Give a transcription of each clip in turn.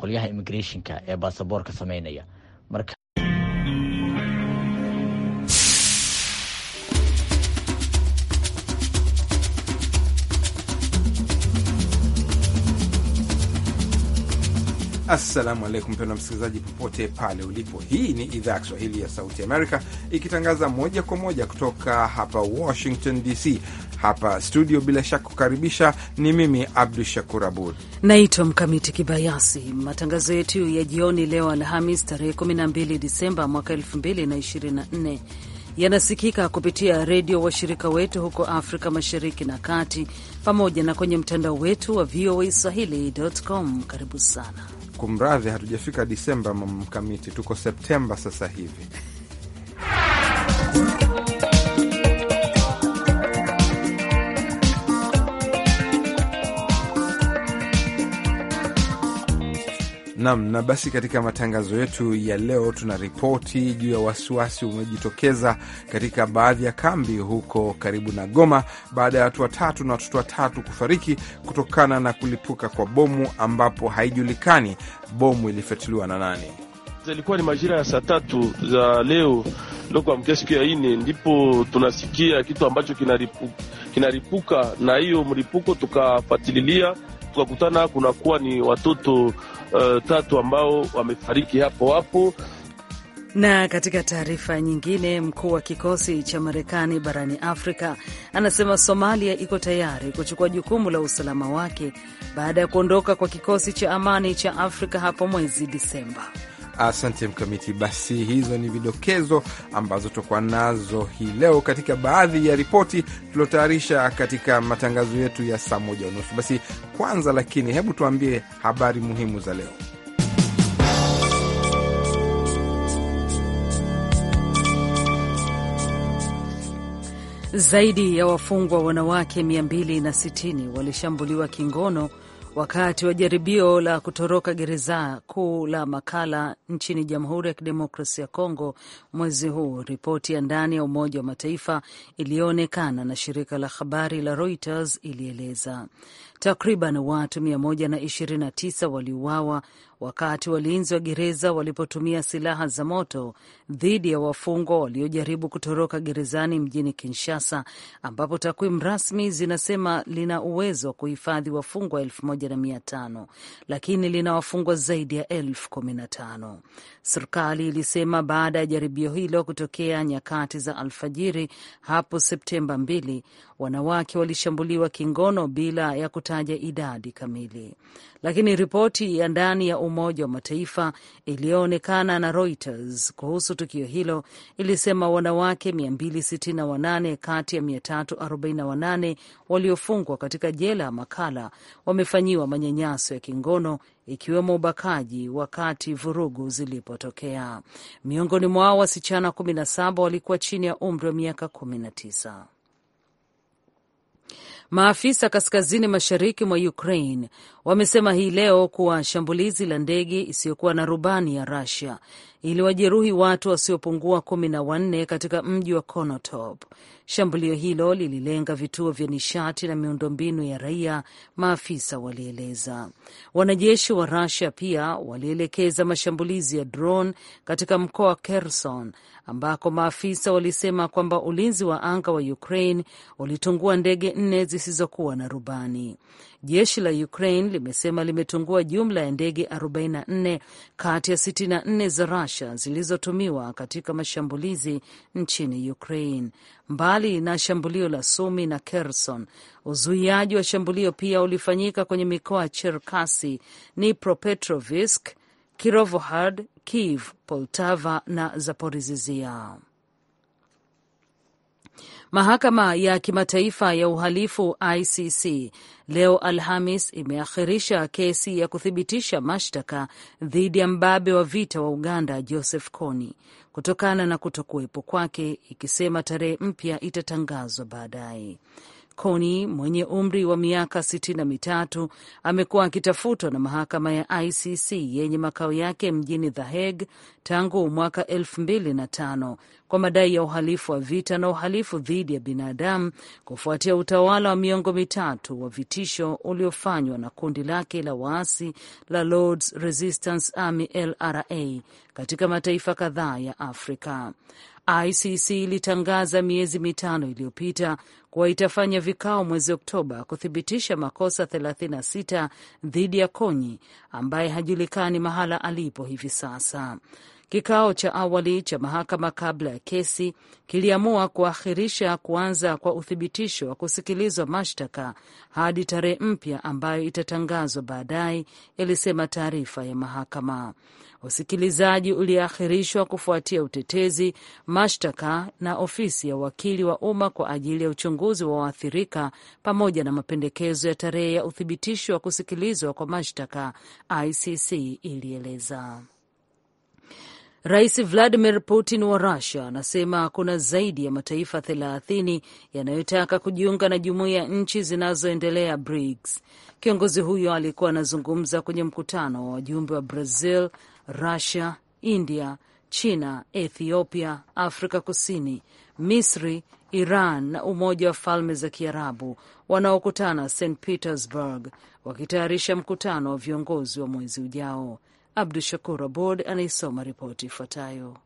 qolyaha immigrationka ee basaboorka samaynaya marka Assalamu alaikum mpendwa msikilizaji, popote pale ulipo. Hii ni idhaa ya Kiswahili ya Sauti Amerika ikitangaza moja kwa moja kutoka hapa Washington DC, hapa studio. Bila shaka kukaribisha ni mimi Abdu Shakur Abud, naitwa Mkamiti Kibayasi. Matangazo yetu ya jioni leo Alhamis tarehe 12 Disemba mwaka 2024 yanasikika kupitia redio washirika wetu huko Afrika Mashariki na Kati, pamoja na kwenye mtandao wetu wa VOA Swahili.com. Karibu sana kumradhi, hatujafika Disemba mkamiti, tuko Septemba sasa hivi. Nam na basi, katika matangazo yetu ya leo tuna ripoti juu ya wasiwasi umejitokeza katika baadhi ya kambi huko karibu na Goma baada ya watu watatu na watoto watatu kufariki kutokana na kulipuka kwa bomu, ambapo haijulikani bomu ilifyatuliwa na nani. Ilikuwa ni majira ya saa tatu za leo loko amkia siku ya ine, ndipo tunasikia kitu ambacho kinaripuka, kinaripuka na hiyo mripuko tukafatililia, tukakutana kunakuwa ni watoto uh, tatu ambao wamefariki hapo hapo. Na katika taarifa nyingine, mkuu wa kikosi cha Marekani barani Afrika anasema Somalia iko tayari kuchukua jukumu la usalama wake baada ya kuondoka kwa kikosi cha amani cha Afrika hapo mwezi Disemba. Asante Mkamiti. Basi hizo ni vidokezo ambazo tutakuwa nazo hii leo katika baadhi ya ripoti tuliotayarisha katika matangazo yetu ya saa moja unusu. Basi kwanza lakini, hebu tuambie habari muhimu za leo. Zaidi ya wafungwa wanawake 260 walishambuliwa kingono Wakati wa jaribio la kutoroka gereza kuu la Makala nchini Jamhuri ya Kidemokrasia ya Kongo mwezi huu, ripoti ya ndani ya Umoja wa Mataifa iliyoonekana na shirika la habari la Reuters ilieleza Takriban watu 129 waliuawa wakati walinzi wa gereza walipotumia silaha za moto dhidi ya wafungwa waliojaribu kutoroka gerezani mjini Kinshasa, ambapo takwimu rasmi zinasema lina uwezo wa kuhifadhi wafungwa 1500 lakini lina wafungwa zaidi ya 15,000. Serikali ilisema baada ya jaribio hilo kutokea nyakati za alfajiri hapo Septemba 2, wanawake walishambuliwa kingono bila ya kutaja idadi kamili, lakini ripoti ya ndani ya Umoja wa Mataifa iliyoonekana na Reuters kuhusu tukio hilo ilisema wanawake 268 kati ya 348 waliofungwa katika jela ya Makala wamefanyiwa manyanyaso ya kingono ikiwemo ubakaji wakati vurugu zilipotokea. Miongoni mwao wasichana 17 walikuwa chini ya umri wa miaka 19. Maafisa kaskazini mashariki mwa Ukraine wamesema hii leo kuwa shambulizi la ndege isiyokuwa na rubani ya Russia iliwajeruhi watu wasiopungua kumi na wanne katika mji wa Konotop. Shambulio hilo lililenga vituo vya nishati na miundombinu ya raia, maafisa walieleza. Wanajeshi wa rasia pia walielekeza mashambulizi ya drone katika mkoa wa Kherson, ambako maafisa walisema kwamba ulinzi wa anga wa Ukraine ulitungua ndege nne zisizokuwa na rubani. Jeshi la Ukraine limesema limetungua jumla ya ndege 44 kati ya 64 za Russia zilizotumiwa katika mashambulizi nchini Ukraine. Mbali na shambulio la Sumi na Kherson, uzuiaji wa shambulio pia ulifanyika kwenye mikoa ya Cherkasi, Dnipropetrovsk, Kirovohrad, Kiev, Poltava na Zaporizhzhia. Mahakama ya Kimataifa ya Uhalifu ICC leo Alhamis imeakhirisha kesi ya kuthibitisha mashtaka dhidi ya mbabe wa vita wa Uganda Joseph Kony kutokana na kutokuwepo kwake, ikisema tarehe mpya itatangazwa baadaye. Kony mwenye umri wa miaka sitini na mitatu amekuwa akitafutwa na mahakama ya ICC yenye makao yake mjini The Hague tangu mwaka elfu mbili na tano kwa madai ya uhalifu wa vita na uhalifu dhidi ya binadamu kufuatia utawala wa miongo mitatu wa vitisho uliofanywa na kundi lake la waasi la Lords Resistance Army LRA katika mataifa kadhaa ya Afrika. ICC ilitangaza miezi mitano iliyopita kuwa itafanya vikao mwezi Oktoba kuthibitisha makosa 36 dhidi ya Konyi ambaye hajulikani mahala alipo hivi sasa. Kikao cha awali cha mahakama kabla ya kesi kiliamua kuahirisha kuanza kwa uthibitisho wa kusikilizwa mashtaka hadi tarehe mpya ambayo itatangazwa baadaye, ilisema taarifa ya mahakama. Usikilizaji uliahirishwa kufuatia utetezi, mashtaka na ofisi ya wakili wa umma kwa ajili ya uchunguzi wa waathirika pamoja na mapendekezo ya tarehe ya uthibitisho wa kusikilizwa kwa mashtaka, ICC ilieleza. Rais Vladimir Putin wa Rusia anasema kuna zaidi ya mataifa thelathini yanayotaka kujiunga na jumuiya ya nchi zinazoendelea BRICS. Kiongozi huyo alikuwa anazungumza kwenye mkutano wa wajumbe wa Brazil, Rusia, India, China, Ethiopia, Afrika Kusini, Misri, Iran na Umoja wa Falme za Kiarabu wanaokutana St Petersburg, wakitayarisha mkutano wa viongozi wa mwezi ujao. Abdu Shakur Abod anaisoma ripoti ifuatayo.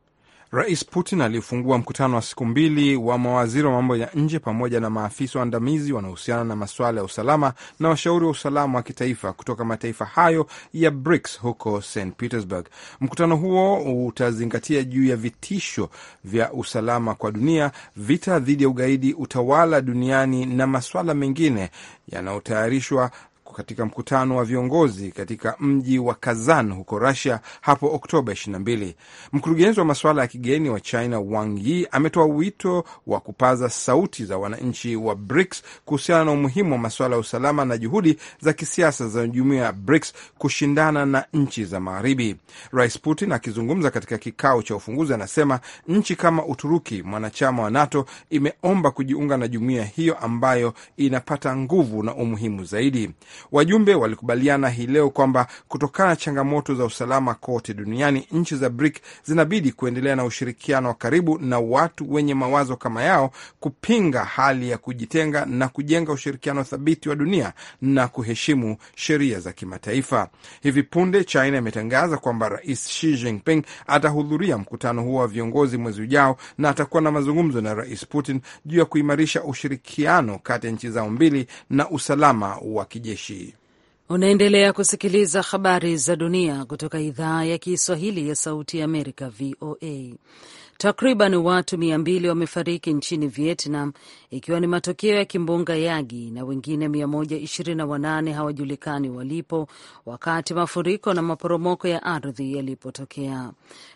Rais Putin alifungua mkutano wa siku mbili wa mawaziri wa mambo ya nje pamoja na maafisa waandamizi wanaohusiana na masuala ya usalama na washauri wa usalama wa kitaifa kutoka mataifa hayo ya BRICS huko St Petersburg. Mkutano huo utazingatia juu ya vitisho vya usalama kwa dunia, vita dhidi ya ugaidi, utawala duniani na masuala mengine yanayotayarishwa katika mkutano wa viongozi katika mji wa Kazan huko Rusia hapo Oktoba 22. Mkurugenzi wa masuala ya kigeni wa China Wang Yi ametoa wito wa kupaza sauti za wananchi wa BRICS kuhusiana na umuhimu wa masuala ya usalama na juhudi za kisiasa za jumuiya ya BRICS kushindana na nchi za Magharibi. Rais Putin akizungumza katika kikao cha ufunguzi anasema nchi kama Uturuki, mwanachama wa NATO, imeomba kujiunga na jumuiya hiyo ambayo inapata nguvu na umuhimu zaidi. Wajumbe walikubaliana hii leo kwamba kutokana na changamoto za usalama kote duniani, nchi za BRIC zinabidi kuendelea na ushirikiano wa karibu na watu wenye mawazo kama yao, kupinga hali ya kujitenga na kujenga ushirikiano thabiti wa dunia na kuheshimu sheria za kimataifa. Hivi punde China imetangaza kwamba Rais Xi Jinping atahudhuria mkutano huo wa viongozi mwezi ujao na atakuwa na mazungumzo na Rais Putin juu ya kuimarisha ushirikiano kati ya nchi zao mbili na usalama wa kijeshi mazishi. Unaendelea kusikiliza habari za dunia kutoka idhaa ya Kiswahili ya Sauti ya Amerika, VOA. Takriban watu mia mbili wamefariki nchini Vietnam ikiwa ni matokeo ya kimbunga Yagi na wengine 128 hawajulikani walipo wakati mafuriko na maporomoko ya ardhi yalipotokea.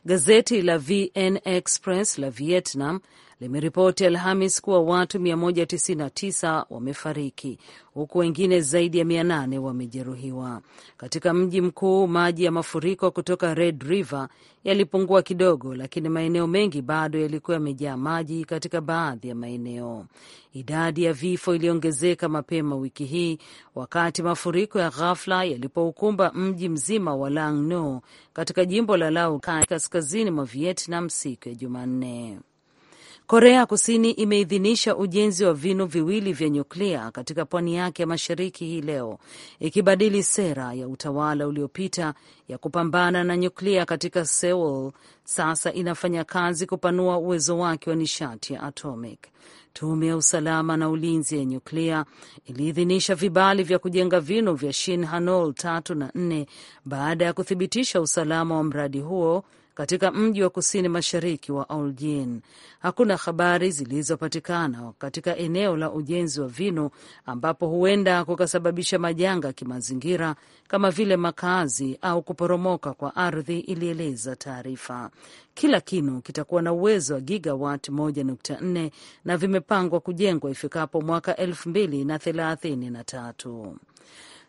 Gazeti la VN Express la Vietnam limeripoti Alhamis kuwa watu 199 wamefariki huku wengine zaidi ya 800 wamejeruhiwa. Katika mji mkuu, maji ya mafuriko kutoka Red River yalipungua kidogo, lakini maeneo mengi bado yalikuwa yamejaa maji. Katika baadhi ya maeneo, idadi ya vifo iliongezeka mapema wiki hii wakati mafuriko ya ghafla yalipoukumba mji mzima wa Lang No katika jimbo la Lau kaskazini mwa Vietnam siku ya Jumanne. Korea Kusini imeidhinisha ujenzi wa vinu viwili vya nyuklia katika pwani yake ya mashariki hii leo, ikibadili sera ya utawala uliopita ya kupambana na nyuklia katika Seoul sasa inafanya kazi kupanua uwezo wake wa nishati ya atomic. Tume ya usalama na ulinzi ya nyuklia iliidhinisha vibali vya kujenga vinu vya Shin Hanol tatu na nne baada ya kuthibitisha usalama wa mradi huo katika mji wa kusini mashariki wa Aulgin. Hakuna habari zilizopatikana katika eneo la ujenzi wa vinu ambapo huenda kukasababisha majanga kimazingira kama vile makazi au kuporomoka kwa ardhi, ilieleza taarifa. Kila kinu kitakuwa na uwezo wa gigawati 1.4 na vimepangwa kujengwa ifikapo mwaka 2033.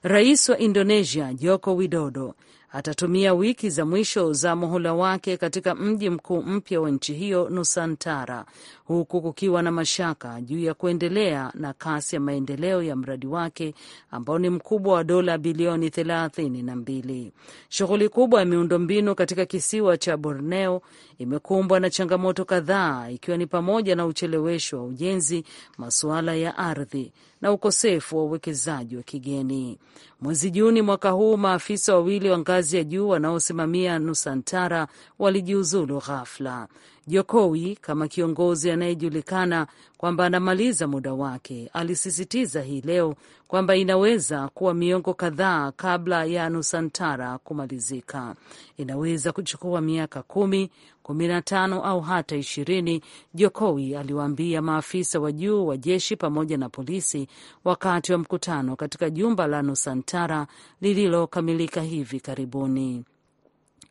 Rais wa Indonesia Joko Widodo atatumia wiki za mwisho za muhula wake katika mji mkuu mpya wa nchi hiyo Nusantara, huku kukiwa na mashaka juu ya kuendelea na kasi ya maendeleo ya mradi wake ambao ni mkubwa wa dola bilioni thelathini na mbili. Shughuli kubwa ya miundombinu katika kisiwa cha Borneo imekumbwa na changamoto kadhaa, ikiwa ni pamoja na uchelewesho wa ujenzi, masuala ya ardhi na ukosefu wa uwekezaji wa kigeni. Mwezi Juni mwaka huu, maafisa wawili wa ngazi ya juu wanaosimamia Nusantara walijiuzulu ghafla. Jokowi kama kiongozi anayejulikana kwamba anamaliza muda wake, alisisitiza hii leo kwamba inaweza kuwa miongo kadhaa kabla ya Nusantara kumalizika. Inaweza kuchukua miaka kumi, kumi na tano au hata ishirini, Jokowi aliwaambia maafisa wa juu wa jeshi pamoja na polisi wakati wa mkutano katika jumba la Nusantara lililokamilika hivi karibuni.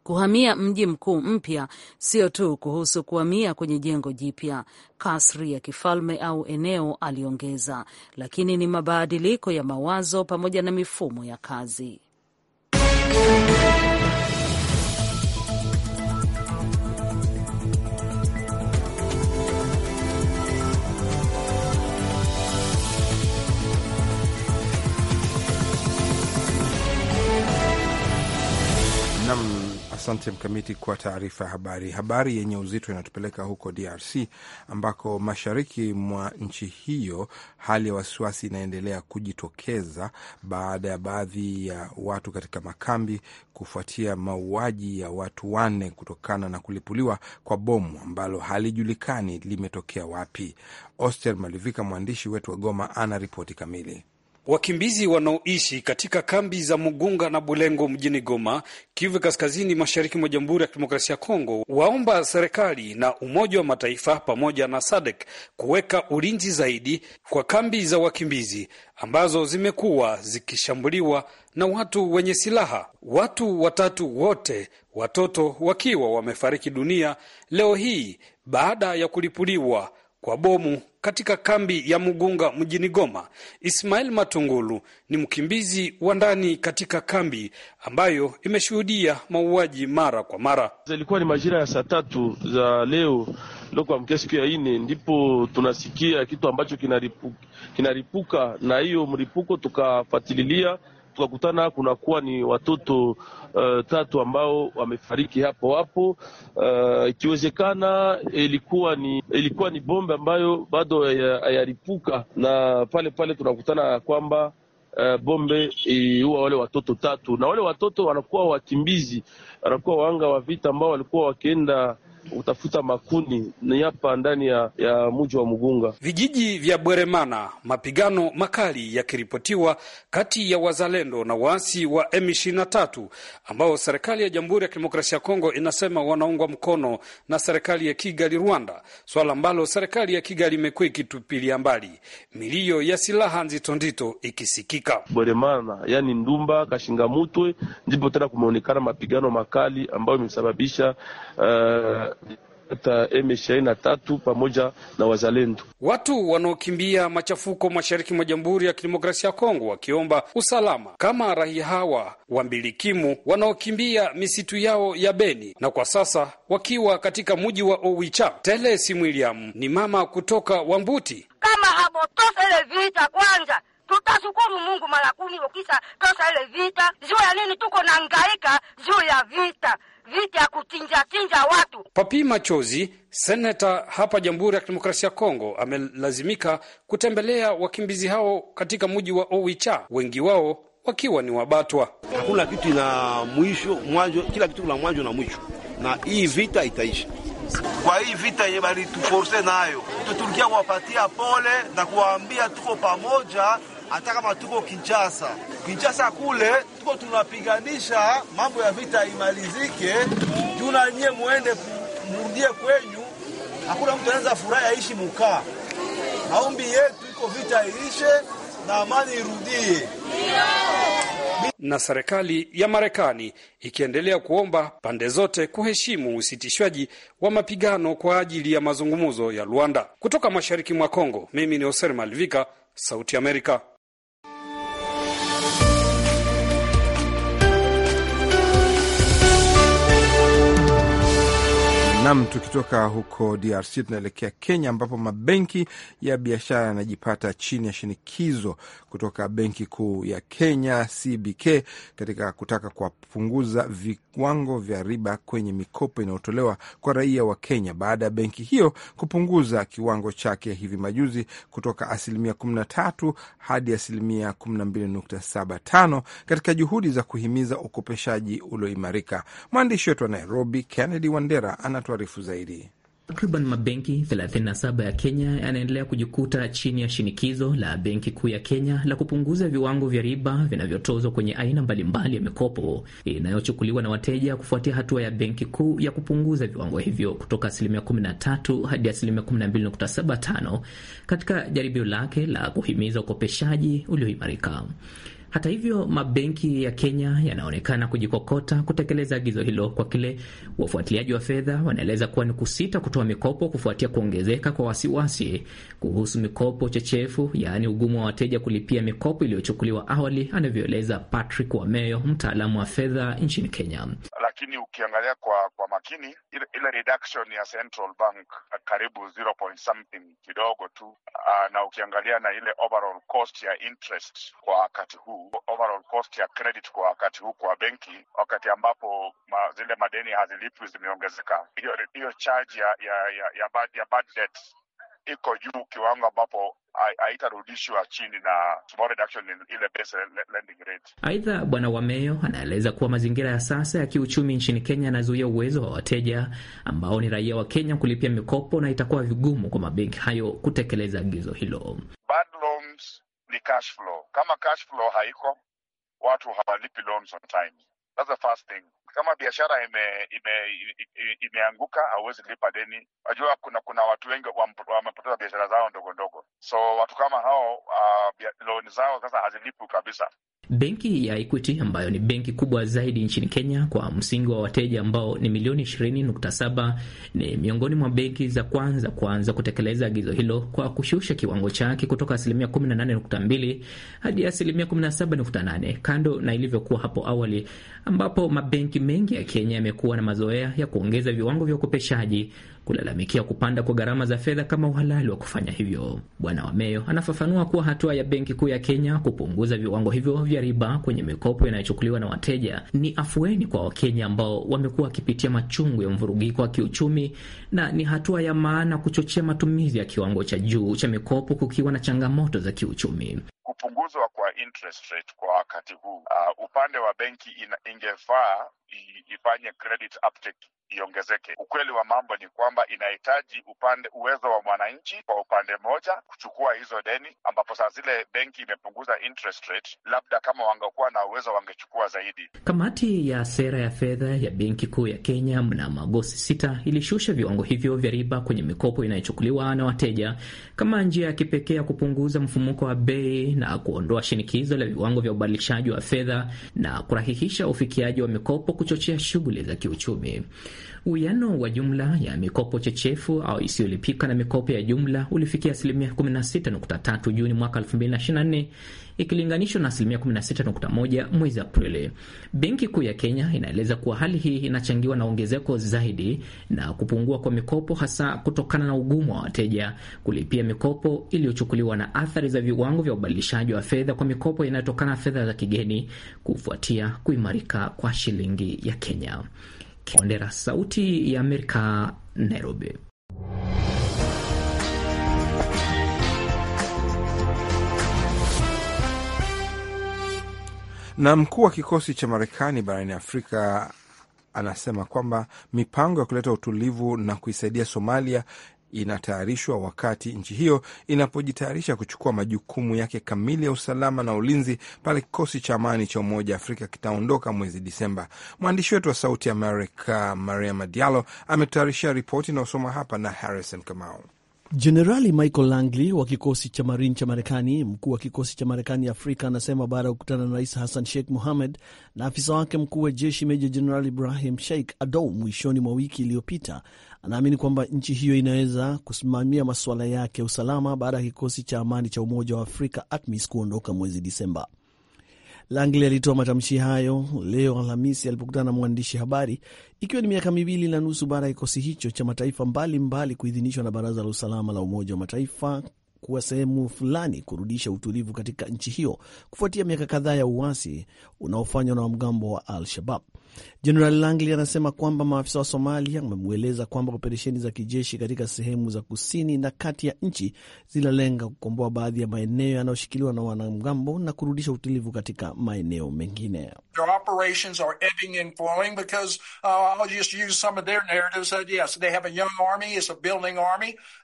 Kuhamia mji mkuu mpya sio tu kuhusu kuhamia kwenye jengo jipya, kasri ya kifalme au eneo, aliongeza, lakini ni mabadiliko ya mawazo pamoja na mifumo ya kazi. Nam Asante Mkamiti kwa taarifa ya habari. Habari yenye uzito inatupeleka huko DRC ambako mashariki mwa nchi hiyo hali ya wasiwasi inaendelea kujitokeza baada ya baadhi ya watu katika makambi kufuatia mauaji ya watu wanne kutokana na kulipuliwa kwa bomu ambalo halijulikani limetokea wapi. Oster Malivika, mwandishi wetu wa Goma, ana ripoti kamili. Wakimbizi wanaoishi katika kambi za Mugunga na Bulengo mjini Goma, Kivu Kaskazini, mashariki mwa Jamhuri ya Kidemokrasia ya Kongo, waomba serikali na Umoja wa Mataifa pamoja na SADC kuweka ulinzi zaidi kwa kambi za wakimbizi ambazo zimekuwa zikishambuliwa na watu wenye silaha, watu watatu wote watoto wakiwa wamefariki dunia leo hii baada ya kulipuliwa kwa bomu katika kambi ya Mugunga mjini Goma. Ismail Matungulu ni mkimbizi wa ndani katika kambi ambayo imeshuhudia mauaji mara kwa mara. Zilikuwa ni majira ya saa tatu za leo leo kuamkia siku ya ine, ndipo tunasikia kitu ambacho kinaripuka, kinaripuka na hiyo mripuko tukafatililia tukakutana kunakuwa ni watoto uh, tatu ambao wamefariki hapo hapo. Eh, ikiwezekana ilikuwa ni ilikuwa ni bombe ambayo bado hayaripuka, na pale pale tunakutana kwamba Uh, bombe iua wale watoto tatu, na wale watoto wanakuwa wakimbizi, wanakuwa wanga wa vita ambao walikuwa wakienda utafuta makundi ni hapa ndani ya, ya mji wa Mugunga, vijiji vya Bweremana. Mapigano makali yakiripotiwa kati ya wazalendo na waasi wa M23 ambao serikali ya Jamhuri ya Kidemokrasia ya Kongo inasema wanaungwa mkono na serikali ya Kigali, Rwanda, swala ambalo serikali ya Kigali imekuwa ikitupilia mbali, milio ya silaha nzito nzito ikisikika Bweremana, yani Ndumba, Kashingamutwe, ndipo tena kumeonekana mapigano makali ambayo imesababisha Uh, uh, M23 pamoja na wazalendo. Watu wanaokimbia machafuko mashariki mwa Jamhuri ya Kidemokrasia ya Kongo wakiomba usalama kama raia hawa wa mbilikimu wanaokimbia misitu yao ya Beni na kwa sasa wakiwa katika mji wa Owicha. Tele Simwiliam ni mama kutoka Wambuti. Kama hamotosha ile vita kwanza tutashukuru Mungu mara kumi ukisa tosa ile vita juu ya nini tuko na ngaika juu ya vita vita ya kuchinjachinja watu. Papi Machozi, seneta hapa Jamhuri ya Kidemokrasia ya Kongo, amelazimika kutembelea wakimbizi hao katika mji wa Owicha, wengi wao wakiwa ni Wabatwa. Hakuna kitu ina mwisho mwanzo, kila kitu kuna mwanzo na mwisho, na hii vita itaisha. Kwa hii vita yenye balituforse nayo, tutulukia kuwapatia pole na kuwaambia tuko pamoja hata kama tuko Kinshasa. Kinshasa kule tuko tunapiganisha mambo ya vita imalizike, juu na nyie muende murudie kwenyu. Hakuna mtu anaweza furahi aishi mukaa. Maombi yetu iko vita iishe na amani irudie na serikali ya Marekani ikiendelea kuomba pande zote kuheshimu usitishwaji wa mapigano kwa ajili ya mazungumzo ya Luanda. Kutoka mashariki mwa Kongo, mimi ni Hoser Malvika, Sauti Amerika. Nam, tukitoka huko DRC tunaelekea Kenya, ambapo mabenki ya biashara yanajipata chini ya shinikizo kutoka benki kuu ya Kenya, CBK, katika kutaka kuwapunguza viwango vya riba kwenye mikopo inayotolewa kwa raia wa Kenya baada ya benki hiyo kupunguza kiwango chake hivi majuzi kutoka asilimia 13 hadi asilimia 12.75 katika juhudi za kuhimiza ukopeshaji ulioimarika. Mwandishi wetu wa Nairobi, Kennedy Wandera, anatoa taarifu zaidi. Takriban mabenki 37 ya Kenya yanaendelea kujikuta chini ya shinikizo la Benki Kuu ya Kenya la kupunguza viwango vya riba vinavyotozwa kwenye aina mbalimbali ya mikopo inayochukuliwa na wateja kufuatia hatua ya Benki Kuu ya kupunguza viwango hivyo kutoka asilimia 13 hadi asilimia 12.75 katika jaribio lake la kuhimiza ukopeshaji ulioimarika. Hata hivyo, mabenki ya Kenya yanaonekana kujikokota kutekeleza agizo hilo kwa kile wafuatiliaji wa fedha wanaeleza kuwa ni kusita kutoa mikopo kufuatia kuongezeka kwa wasiwasi kuhusu mikopo chechefu, yaani ugumu wa wateja kulipia mikopo iliyochukuliwa awali, anavyoeleza Patrick Wameyo, mtaalamu wa fedha nchini Kenya lakini ukiangalia kwa kwa makini ile, ile reduction ya Central Bank uh, karibu 0 point something kidogo tu uh, na ukiangalia na ile overall cost ya interest kwa wakati huu, overall cost ya credit kwa wakati huu kwa benki, wakati ambapo ma, zile madeni hazilipwi zimeongezeka, hiyo charge ya ya, ya, ya, bad, ya bad debt iko juu kiwango ambapo haitarudishwa chini na small reduction in ile base lending rate. Aidha, Bwana Wameyo anaeleza kuwa mazingira ya sasa ya kiuchumi nchini Kenya yanazuia uwezo wa wateja ambao ni raia wa Kenya kulipia mikopo na itakuwa vigumu kwa mabenki hayo kutekeleza agizo hilo. Bad loans ni cash flow. Kama cash flow haiko, watu hawalipi loans on time. That's the first thing kama biashara ime, ime, ime, imeanguka hauwezi lipa deni. Najua kuna kuna watu wengi wamepoteza biashara zao ndogo ndogo, so watu kama hao uh, loan zao sasa hazilipu kabisa. Benki ya Equity ambayo ni benki kubwa zaidi nchini Kenya kwa msingi wa wateja ambao ni milioni 20.7 ni miongoni mwa benki za kwanza kuanza kutekeleza agizo hilo kwa kushusha kiwango chake kutoka asilimia 18.2 hadi asilimia 17.8 kando na ilivyokuwa hapo awali ambapo mabenki mashariki mengi ya Kenya yamekuwa na mazoea ya kuongeza viwango vya ukopeshaji, kulalamikia kupanda kwa gharama za fedha kama uhalali wa kufanya hivyo. Bwana Wameyo anafafanua kuwa hatua ya Benki Kuu ya Kenya kupunguza viwango hivyo vya riba kwenye mikopo inayochukuliwa na wateja ni afueni kwa Wakenya ambao wamekuwa wakipitia machungu ya mvurugiko wa kiuchumi, na ni hatua ya maana kuchochea matumizi ya kiwango cha juu cha mikopo kukiwa na changamoto za kiuchumi kupunguzwa kwa interest rate kwa wakati huu, uh, upande wa benki ingefaa ifanye credit uptake iongezeke. Ukweli wa mambo ni kwamba inahitaji upande uwezo wa mwananchi kwa upande mmoja kuchukua hizo deni, ambapo saa zile benki imepunguza interest rate, labda kama wangekuwa na uwezo wangechukua zaidi. Kamati ya sera ya fedha ya Benki Kuu ya Kenya mnamo Agosti sita ilishusha viwango hivyo vya riba kwenye mikopo inayochukuliwa na wateja kama njia ya kipekee ya kupunguza mfumuko wa bei na kuondoa shinikizo la viwango vya ubadilishaji wa fedha na kurahihisha ufikiaji wa mikopo, kuchochea shughuli za kiuchumi. Uwiano wa jumla ya mikopo chechefu au isiyolipika na mikopo ya jumla ulifikia asilimia 16.3 Juni mwaka 2024 ikilinganishwa na asilimia 16.1 mwezi Aprili. Benki Kuu ya Kenya inaeleza kuwa hali hii inachangiwa na ongezeko zaidi na kupungua kwa mikopo, hasa kutokana na ugumu wa wateja kulipia mikopo iliyochukuliwa na athari za viwango vya ubadilishaji wa fedha kwa mikopo inayotokana na fedha za kigeni kufuatia kuimarika kwa shilingi ya Kenya. Ondera, Sauti ya Amerika, Nairobi. Na mkuu wa kikosi cha Marekani barani Afrika anasema kwamba mipango ya kuleta utulivu na kuisaidia Somalia inatayarishwa wakati nchi hiyo inapojitayarisha kuchukua majukumu yake kamili ya usalama na ulinzi pale kikosi cha amani cha Umoja wa Afrika kitaondoka mwezi Disemba. Mwandishi wetu wa Sauti Amerika Maria Madialo ametayarishia ripoti inayosoma hapa na Harrison Kamau. Jenerali Michael Langley wa kikosi cha Marine cha Marekani, mkuu wa kikosi cha Marekani Afrika, anasema baada ya kukutana na Rais Hassan Sheikh Mohamed na afisa wake mkuu wa jeshi Meja Jenerali Ibrahim Sheikh Adou mwishoni mwa wiki iliyopita, anaamini kwamba nchi hiyo inaweza kusimamia masuala yake ya usalama baada ya kikosi cha amani cha Umoja wa Afrika ATMIS kuondoka mwezi Disemba. Langley alitoa matamshi hayo leo Alhamisi alipokutana na mwandishi habari, ikiwa ni miaka miwili na nusu baada ya kikosi hicho cha mataifa mbalimbali kuidhinishwa na Baraza la Usalama la Umoja wa Mataifa kuwa sehemu fulani kurudisha utulivu katika nchi hiyo kufuatia miaka kadhaa ya uasi unaofanywa na wamgambo wa Al-Shabab. Jeneral Langley anasema kwamba maafisa wa Somalia wamemweleza kwamba operesheni za kijeshi katika sehemu za kusini na kati ya nchi zinalenga kukomboa baadhi ya maeneo yanayoshikiliwa na wanamgambo na kurudisha utulivu katika maeneo mengine.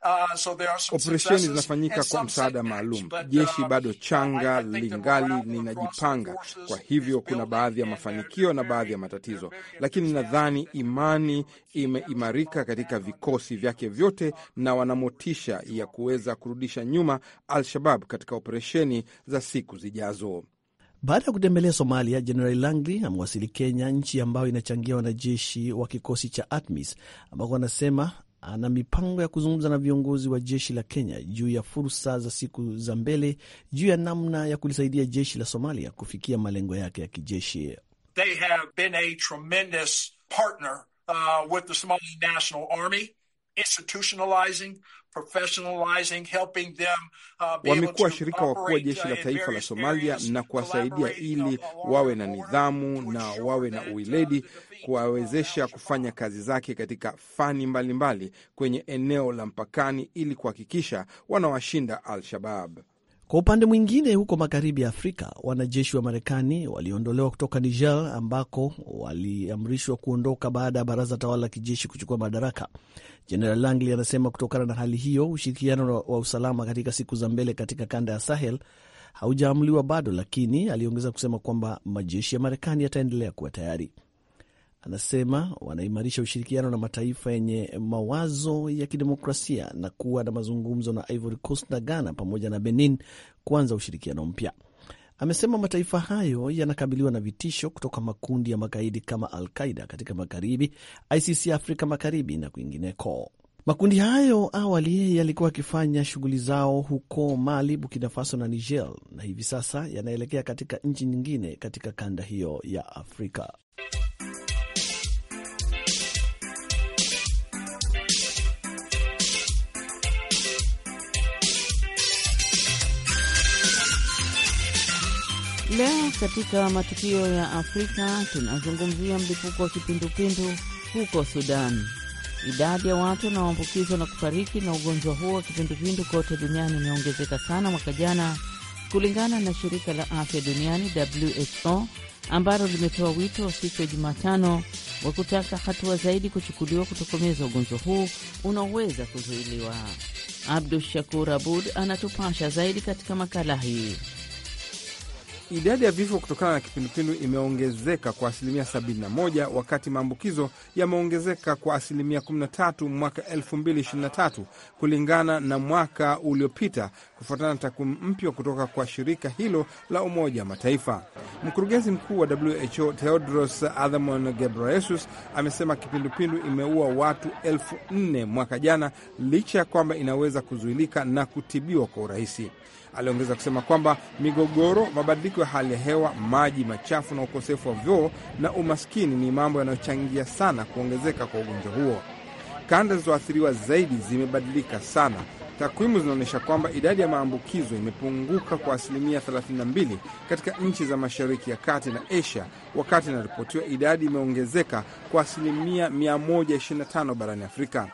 Uh, uh, operesheni zinafanyika kufanyika kwa msaada maalum. Jeshi uh, bado changa, lingali linajipanga. Kwa hivyo kuna baadhi ya mafanikio na baadhi ya matatizo, lakini nadhani imani imeimarika katika vikosi vyake vyote na wana motisha ya kuweza kurudisha nyuma Al-Shabab katika operesheni za siku zijazo. Baada ya kutembelea Somalia, Jenerali Langley amewasili Kenya, nchi ambayo inachangia wanajeshi wa kikosi cha ATMIS ambako anasema ana ah, mipango ya kuzungumza na viongozi wa jeshi la Kenya juu ya fursa za siku za mbele juu ya namna ya kulisaidia jeshi la Somalia kufikia malengo yake ya kijeshi. They have been a tremendous partner, uh, with the Somali National Army, institutionalizing Uh, wamekuwa washirika wakuu wa jeshi la taifa la Somalia na kuwasaidia ili wawe na nidhamu uh, na wawe na uweledi, kuwawezesha kufanya kazi zake katika fani mbalimbali mbali kwenye eneo la mpakani ili kuhakikisha wanawashinda Al-Shabab. Kwa upande mwingine, huko magharibi ya Afrika, wanajeshi wa Marekani waliondolewa kutoka Niger ambako waliamrishwa kuondoka baada ya baraza tawala la kijeshi kuchukua madaraka. jeneral Langley anasema kutokana na hali hiyo, ushirikiano wa usalama katika siku za mbele katika kanda ya Sahel haujaamuliwa bado, lakini aliongeza kusema kwamba majeshi ya Marekani yataendelea kuwa tayari. Anasema wanaimarisha ushirikiano na mataifa yenye mawazo ya kidemokrasia na kuwa na mazungumzo na Ivory Coast na Ghana pamoja na Benin kuanza ushirikiano mpya. Amesema mataifa hayo yanakabiliwa na vitisho kutoka makundi ya magaidi kama Al Qaida katika magharibi, ICC Afrika magharibi na kwingineko. Makundi hayo awali yalikuwa yakifanya shughuli zao huko Mali, Burkina Faso na Niger, na hivi sasa yanaelekea katika nchi nyingine katika kanda hiyo ya Afrika. Leo katika matukio ya Afrika tunazungumzia mlipuko wa kipindupindu huko Sudan. Idadi ya watu wanaoambukizwa na kufariki na ugonjwa huo wa kipindupindu kote duniani imeongezeka sana mwaka jana, kulingana na shirika la afya duniani WHO ambalo limetoa wito wa siku ya Jumatano wa kutaka hatua zaidi kuchukuliwa kutokomeza ugonjwa huu unaoweza kuzuiliwa. Abdu Shakur Abud anatupasha zaidi katika makala hii idadi ya vifo kutokana na kipindupindu imeongezeka kwa asilimia 71 wakati maambukizo yameongezeka kwa asilimia 13 mwaka 2023 kulingana na mwaka uliopita, kufuatana na takwimu mpya kutoka kwa shirika hilo la Umoja wa Mataifa. Mkurugenzi mkuu wa WHO Tedros Adhanom gebraesus amesema kipindupindu imeua watu 4 mwaka jana, licha ya kwamba inaweza kuzuilika na kutibiwa kwa urahisi. Aliongeza kusema kwamba migogoro, mabadiliko ya hali ya hewa, maji machafu na ukosefu wa vyoo na umaskini ni mambo yanayochangia sana kuongezeka kwa ugonjwa huo. Kanda zilizoathiriwa zaidi zimebadilika sana. Takwimu zinaonyesha kwamba idadi ya maambukizo imepunguka kwa asilimia 32 katika nchi za Mashariki ya Kati na Asia, wakati inaripotiwa idadi imeongezeka kwa asilimia 125 barani Afrika.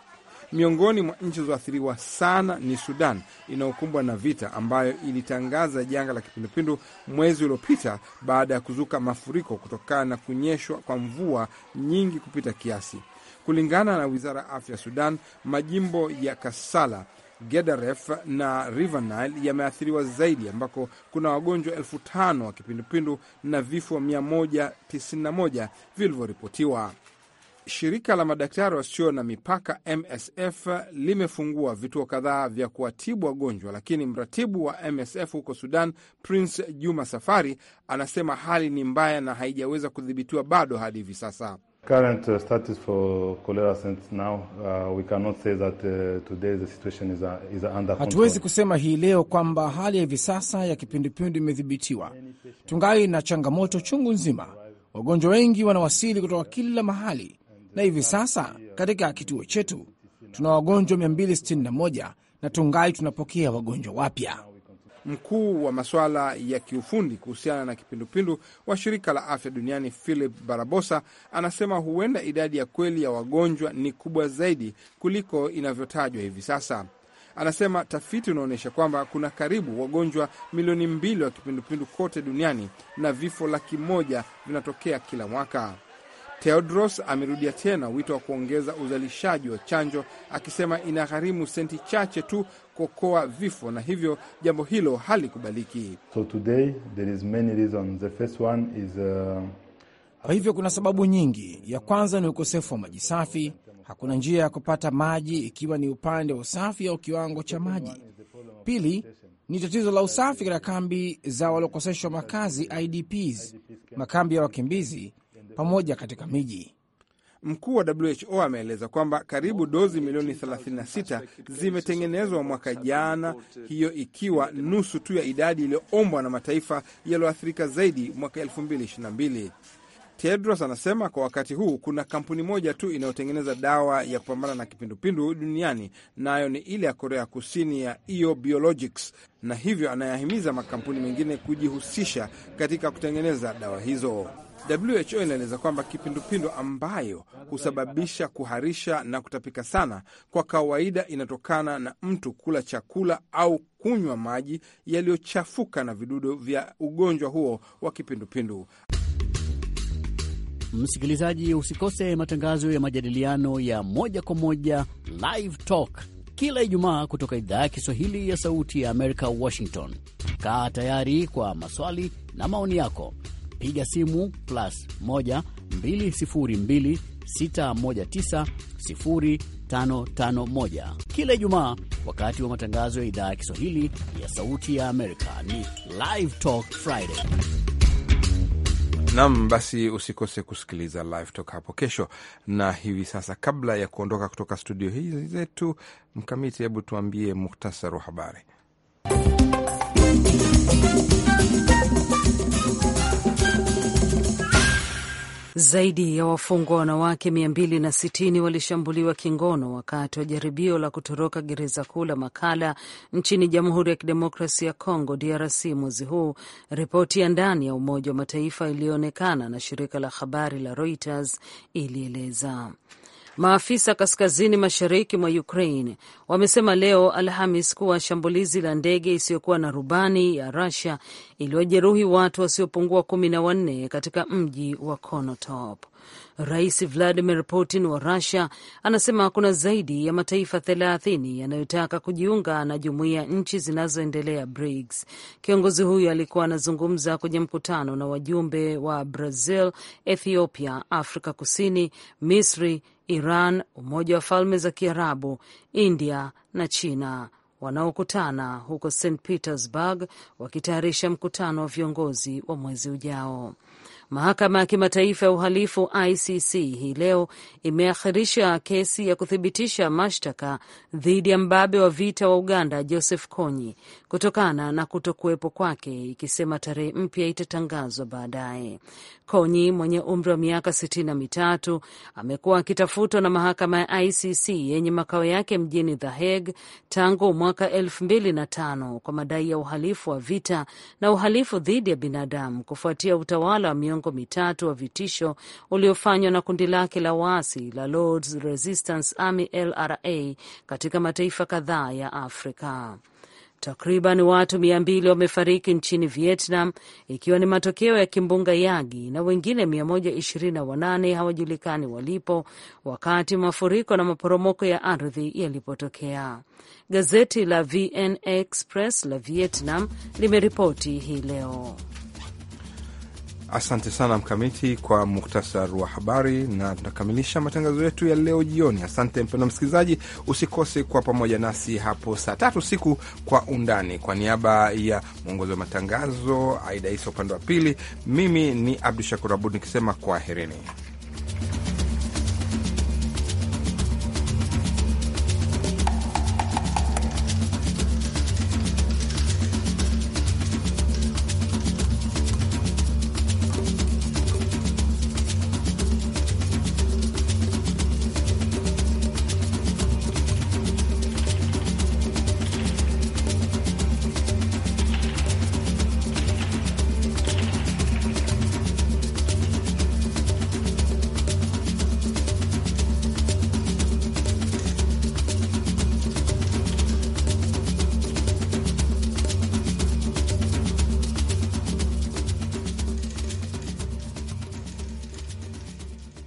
Miongoni mwa nchi zilizoathiriwa sana ni Sudan inayokumbwa na vita, ambayo ilitangaza janga la kipindupindu mwezi uliopita baada ya kuzuka mafuriko kutokana na kunyeshwa kwa mvua nyingi kupita kiasi. Kulingana na wizara ya afya Sudan, majimbo ya Kasala, Gedaref na River Nile yameathiriwa zaidi ambako kuna wagonjwa elfu tano wa kipindupindu na vifo 191 vilivyoripotiwa. Shirika la madaktari wasio na mipaka MSF limefungua vituo kadhaa vya kuwatibu wagonjwa, lakini mratibu wa MSF huko Sudan, Prince Juma Safari, anasema hali ni mbaya na haijaweza kudhibitiwa bado hadi hivi sasa. Uh, Hatuwezi kusema hii leo kwamba hali ya hivi sasa ya kipindupindu imedhibitiwa. Tungali na changamoto chungu nzima. Wagonjwa wengi wanawasili kutoka kila mahali na hivi sasa katika kituo chetu tuna wagonjwa 261 na tungali tunapokea wagonjwa wapya. Mkuu wa masuala ya kiufundi kuhusiana na kipindupindu wa shirika la afya duniani Philip Barabosa anasema huenda idadi ya kweli ya wagonjwa ni kubwa zaidi kuliko inavyotajwa hivi sasa. Anasema tafiti unaonyesha kwamba kuna karibu wagonjwa milioni mbili wa kipindupindu kote duniani na vifo laki moja vinatokea kila mwaka teodros amerudia tena wito wa kuongeza uzalishaji wa chanjo akisema inagharimu senti chache tu kuokoa vifo na hivyo jambo hilo halikubaliki. So today there is many reasons. The first one is uh... Kwa hivyo kuna sababu nyingi. Ya kwanza ni ukosefu wa maji safi. Hakuna njia ya kupata maji ikiwa ni upande wa usafi au kiwango cha maji. Pili ni tatizo la usafi katika kambi za waliokoseshwa makazi IDPs, makambi ya wakimbizi pamoja katika miji. Mkuu wa WHO ameeleza kwamba karibu dozi milioni 36 zimetengenezwa mwaka jana, hiyo ikiwa nusu tu ya idadi iliyoombwa na mataifa yaliyoathirika zaidi mwaka 2022. Tedros anasema kwa wakati huu kuna kampuni moja tu inayotengeneza dawa ya kupambana na kipindupindu duniani, nayo ni ile ya Korea Kusini ya EO Biologics, na hivyo anayahimiza makampuni mengine kujihusisha katika kutengeneza dawa hizo. WHO inaeleza kwamba kipindupindu ambayo husababisha kuharisha na kutapika sana, kwa kawaida inatokana na mtu kula chakula au kunywa maji yaliyochafuka na vidudu vya ugonjwa huo wa kipindupindu. Msikilizaji, usikose matangazo ya majadiliano ya moja kwa moja Live Talk kila Ijumaa kutoka idhaa ya Kiswahili ya Sauti ya Amerika, Washington. Kaa tayari kwa maswali na maoni yako piga simu plus 1 kila Ijumaa wakati wa matangazo ya idhaa ya Kiswahili ya Sauti ya Amerika. Ni Live Talk Friday. Nam, basi usikose kusikiliza Live Talk hapo kesho. Na hivi sasa, kabla ya kuondoka kutoka studio hizi zetu, Mkamiti, hebu tuambie muhtasari wa habari. Zaidi ya wafungwa wanawake 260 walishambuliwa kingono wakati wa jaribio la kutoroka gereza kuu la Makala nchini Jamhuri ya Kidemokrasia ya Kongo, DRC, mwezi huu, ripoti ya ndani ya Umoja wa Mataifa iliyoonekana na shirika la habari la Reuters ilieleza. Maafisa kaskazini mashariki mwa Ukraine wamesema leo Alhamis kuwa shambulizi la ndege isiyokuwa na rubani ya rasia iliwajeruhi watu wasiopungua kumi na wanne katika mji wa Konotop. Rais Vladimir Putin wa Rusia anasema kuna zaidi ya mataifa thelathini yanayotaka kujiunga na jumuiya nchi zinazoendelea BRICS. Kiongozi huyo alikuwa anazungumza kwenye mkutano na wajumbe wa Brazil, Ethiopia, Afrika Kusini, Misri, Iran, Umoja wa Falme za Kiarabu, India na China wanaokutana huko St Petersburg wakitayarisha mkutano wa viongozi wa mwezi ujao. Mahakama ya Kimataifa ya Uhalifu ICC hii leo imeakhirisha kesi ya kuthibitisha mashtaka dhidi ya mbabe wa vita wa Uganda Joseph Kony kutokana na kutokuwepo kwake, ikisema tarehe mpya itatangazwa baadaye. Konyi mwenye umri wa miaka sitini na mitatu amekuwa akitafutwa na mahakama ya ICC yenye makao yake mjini The Hague tangu mwaka elfu mbili na tano kwa madai ya uhalifu wa vita na uhalifu dhidi ya binadamu kufuatia utawala wa miongo mipango mitatu wa vitisho uliofanywa na kundi lake la waasi la Lords Resistance Army LRA katika mataifa kadhaa ya Afrika. Takriban watu mia mbili wamefariki nchini Vietnam ikiwa ni matokeo ya kimbunga Yagi na wengine 128 hawajulikani walipo wakati mafuriko na maporomoko ya ardhi yalipotokea. Gazeti la VN Express la Vietnam limeripoti hii leo. Asante sana Mkamiti kwa muktasar wa habari, na tunakamilisha matangazo yetu ya leo jioni. Asante mpendwa msikilizaji, usikose kwa pamoja nasi hapo saa tatu siku kwa undani. Kwa niaba ya mwongozi wa matangazo Aida Isa upande wa pili, mimi ni Abdu Shakur Abud nikisema kwaherini.